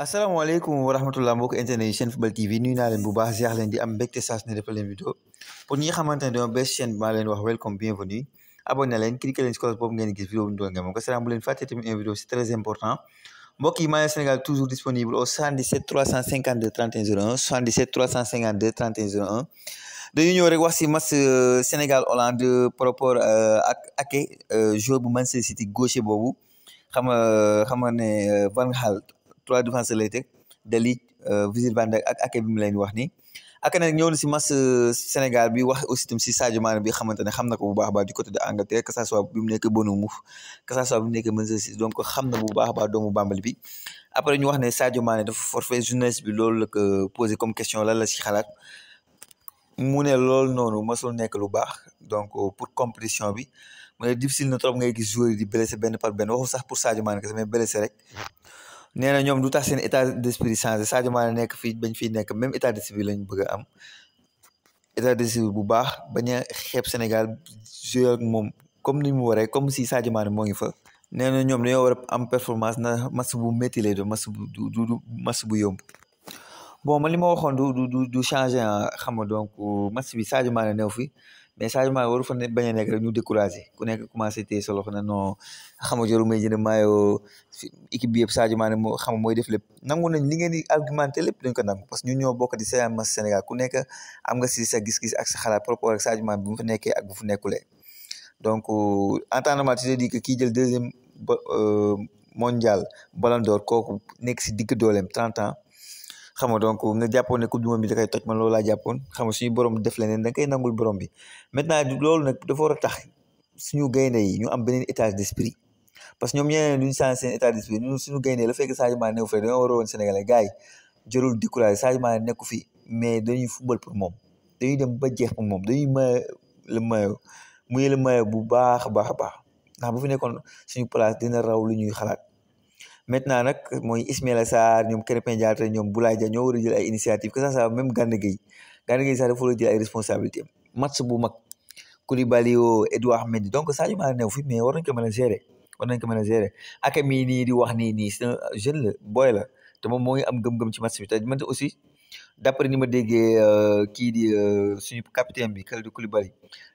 alaikum wa rahmatulah mbokk internet football tv ñu na leen bu baax ziar leen di am mbégte saa su defal leen vidéo pour ñi xamantene do ne chaîne ba leen wax welcome bienvenue abonné leen cliqué leen si cloche ngeen gis vidéo bu ñu ngeen ko salam bu leen tim une vidéo c'est très important mbokk yi maa Sénégal toujours disponible au 77 352 31 01 77 352 31 01 dañu ñëw rek wax si match euh, Sénégal Hollande par rapport euh, ak aké euh, joueur bu Manchester City gaucher Bobu. xam xam nga Van trois défenseurs lay teg Dalic Virgil euh, van Dijk ak Ake bi mu leen wax nii Ake nag ñëw na si match euh, Sénégal bi wax aussi tam si Sadio bi xamante ne xam na ko bu baax a baax du côté de Angleterre que ça soit bi mu nekk Bournemouth que ça soit bi mu nekk Manchester donc xam na bu baax a baax doomu Bambali bi après ñu wax ne Sadio Mané dafa forfait journaliste bi loolu la ko posé comme question lan la si xalaat mu ne lool noonu mosul nekk lu baax donc euh, pour compétition bi mu ne difficile na trop ngay gis joueur di blessé benn par benn waxu sax pour Sadio Mané kese mais blessé nee na ñoom du tax seen état d'esprit changé Sadio Mané nekk fii bañ fiy nekk même état d'esprit lañ bëgg a am état d'esprit bu baax bañ a xeeb Sénégal jouer ak moom comme ni mu waree comme si Sadio Mané moo ngi fa. nee na ñoom dañoo war am performance na match bu métti lay doon match bu du du match bu yomb. bon man li ma waxoon du du du du changé xam nga donc match bi Sadio Mané new fi mais Sadio Mané waru fa ne a nekk rek ñu découragé ku nekk commencé téye sa loxo na non xam nga jarul may jënd maayoo équipe bi yëpp Sadio Mané moo xam nga def lépp nangu nañ li ngeen di argumenté lépp dañ ko nangu parce que ñun ñoo bokk di seetaan ku nekk am nga si sa gis-gis ak sa xalaat par rapport ak Sadio fa nekkee ak bu fu nekkulee donc en temps normal te dis que kii jël deuxième euh, mondial Ballon d'Or kooku nekk si digg dooleem 30 ans xam nga donc nga jàppoon ne ko du monde bi da toj man loolu laa jàppoon xam nga suñu borom def leneen da nga koy nangul borom bi maintenant loolu nag dafa war a tax suñu gaynde yi ñu am beneen état d'esprit parce que ñoom ñeneen duñu changé seen état d'esprit ñun suñu gaynde la fekk Sadio Mané newu fee dañoo war a woon Sénégalais gars yi jërul nekku fi mais dañuy football pour moom dañuy dem ba jeex pour moom dañuy maye le maillot muy le maillot bu baax a baax a baax ndax bu fi nekkoon suñu place dina raw lu ñuy xalaat maintenant nag mooy Ismaïla Sarr ñoom Krépin Diatta ñoom Boulaye Dia ñoo war a jël ay initiative que ça ça même Gana Gueye Gana Gueye sax dafa a jël ay responsabilité match bu mag Koulibaly o Edouard Mendy donc Sadio Mané ne fi mais war nañ ko mën a gérer war nañ ko mën a gérer ak mii nii di wax nii nii c'est un jeune la boy la te moom moo am gëm ci match bi te man aussi d'après ni ma déggee euh, kii di euh, suñu capitaine bi Kalidou Koulibaly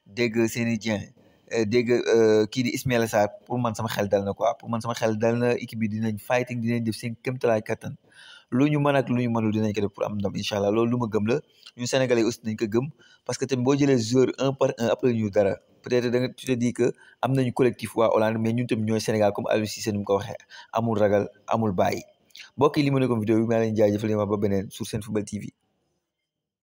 dégg Seny Dieng Eh, dégg eh, kii di Ismaïla Sarr pour man sama xel dal na quoi pour man sama xel dal na équipe bi dinañ fighting dinañ def seen kéemtalaay kattan lu ñu mën ak lu ñu mënul dinañ ko def pour am ndam incha allah loolu lu ma gëm la ñun sénégalais aussi nañ ko gëm parce que tamit boo jëlee joueur un par un après ñu dara peut-être da nga tu te dis que am nañu collectif waa Hollande mais ñun tamit ñooy Sénégal comme Aliou Cissé ni mu amul ragal amul bàyyi mbokk yi li ma ne ko vidéo bi maa leen jaajëfal ma ba beneen sur